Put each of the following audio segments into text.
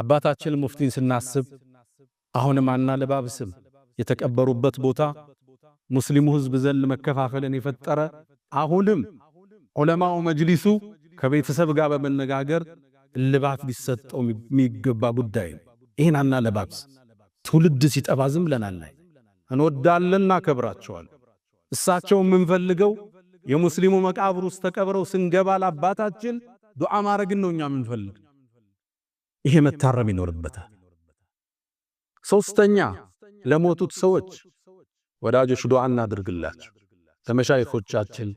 አባታችን ሙፍቲን ስናስብ አሁንም አናለባብስም። የተቀበሩበት ቦታ ሙስሊሙ ህዝብ ዘንድ መከፋፈልን የፈጠረ አሁንም ዑለማው መጅሊሱ ከቤተሰብ ጋር በመነጋገር እልባት ሊሰጠው የሚገባ ጉዳይ ነው። ይህን አናለባብስ። ትውልድ ሲጠባ ዝም ብለናል። እንወዳለን፣ እሳቸው የምንፈልገው የሙስሊሙ መቃብር ውስጥ ተቀብረው ስንገባ ለአባታችን ዱዓ ማድረግን ነው እኛ የምንፈልግ ይሄ መታረም ይኖርበታል። ሶስተኛ ለሞቱት ሰዎች ወዳጆች ዱዓ እናድርግላችሁ። ለመሻይኾቻችን፣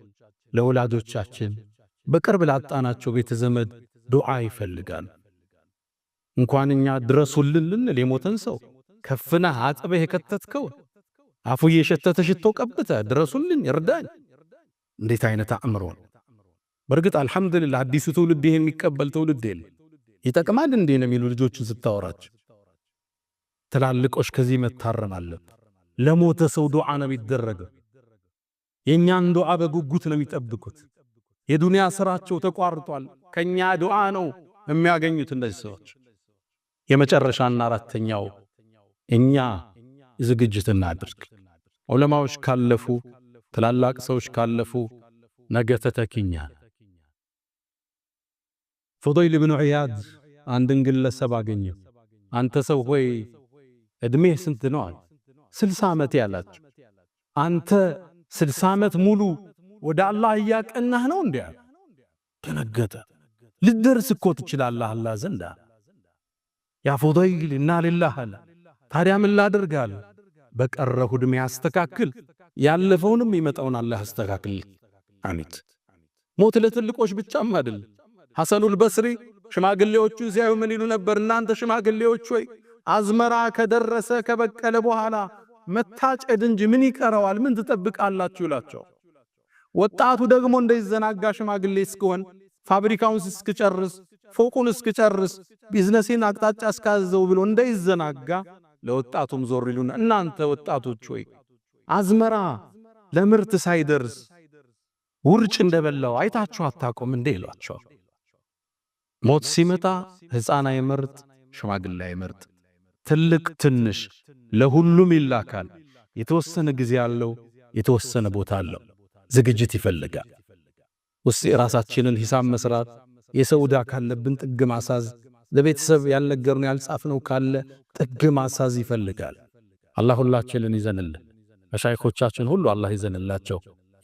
ለወላጆቻችን፣ በቅርብ ላጣናቸው ቤተ ዘመድ ዱዓ ይፈልጋል። እንኳን እኛ ድረሱልን ልንል የሞተን ሰው ከፍና አጥበህ የከተትከው አፉ የሸተተ ሽቶ ቀብተ ድረሱልን ይርዳኝ፣ እንዴት አይነት አእምሮ ነው! በእርግጥ አልሐምዱሊላህ አዲሱ ትውልድ ይሄን የሚቀበል ትውልድ የለም። ይጠቅማል እንዴ ነው የሚሉ ልጆችን ስታወራቸው፣ ትላልቆች ከዚህ መታረም አለብን። ለሞተ ሰው ዱዓ ነው የሚደረገው። የእኛን ዱዓ በጉጉት ነው የሚጠብቁት። የዱንያ ስራቸው ተቋርጧል። ከእኛ ዱዓ ነው የሚያገኙት እነዚህ ሰዎች። የመጨረሻና አራተኛው እኛ ዝግጅት እናድርግ። ዑለማዎች ካለፉ፣ ትላላቅ ሰዎች ካለፉ ነገ ተተኪኛል። ፉደይል ብኑ ዒያድ አንድን ግለሰብ አገኘ። አንተ ሰው ሆይ ዕድሜህ ስንት ነው አለ። ስልሳ ዓመት ያላችሁ አንተ ስልሳ ዓመት ሙሉ ወደ አላህ እያቀናህ ነው እንዴ? ደነገጠ። ልደርስ እኮ ትችላለህ አላህ ዘንድ ያ ፉደይል እና ሊላህ አለ። ታዲያ ምን ላደርግ አለ። በቀረሁ ዕድሜ አስተካክል፣ ያለፈውንም ይመጣውን አላህ አስተካክል። አሚት ሞት ለትልቆች ብቻም አይደለም ሐሰኑል በስሪ ሽማግሌዎቹ እዚያዩ ምን ይሉ ነበር? እናንተ ሽማግሌዎች ሆይ አዝመራ ከደረሰ ከበቀለ በኋላ መታጨድ እንጂ ምን ይቀረዋል? ምን ትጠብቃላችሁ? ይላቸው። ወጣቱ ደግሞ እንዳይዘናጋ ሽማግሌ እስክሆን ፋብሪካውን እስክጨርስ ፎቁን እስክጨርስ ቢዝነሴን አቅጣጫ እስካዘው ብሎ እንዳይዘናጋ ለወጣቱም ዞር ይሉና እናንተ ወጣቶች ሆይ አዝመራ ለምርት ሳይደርስ ውርጭ እንደበላው አይታችሁ አታቆም እንዴ? ይሏቸዋል። ሞት ሲመጣ ሕፃን አይመርጥ፣ ሽማግሌ አይመርጥ፣ ትልቅ ትንሽ፣ ለሁሉም ይላካል። የተወሰነ ጊዜ አለው፣ የተወሰነ ቦታ አለው። ዝግጅት ይፈልጋል። ውስጥ የራሳችንን ሂሳብ መስራት፣ የሰው ዕዳ ካለብን ጥግ ማሳዝ፣ ለቤተሰብ ያልነገርነው ያልጻፍነው ካለ ጥግ ማሳዝ ይፈልጋል። አላህ ሁላችንን ይዘንልን። መሻይኮቻችን ሁሉ አላህ ይዘንላቸው።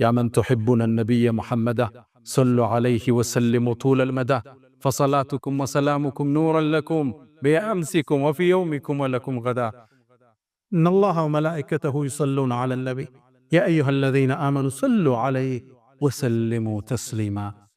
ያ መን ቱሕቡነ ነቢየ ሙሐመዳ ሰሉ ዐለይሂ ወሰሊሙ ጡለል መዳ فصلاتكم وسلامكم نورا لكم بأمسكم وفي يومكم ولكم غدا إن الله وملائكته يصلون على النبي يا أيها الذين آمنوا صلوا عليه وسلموا تسليما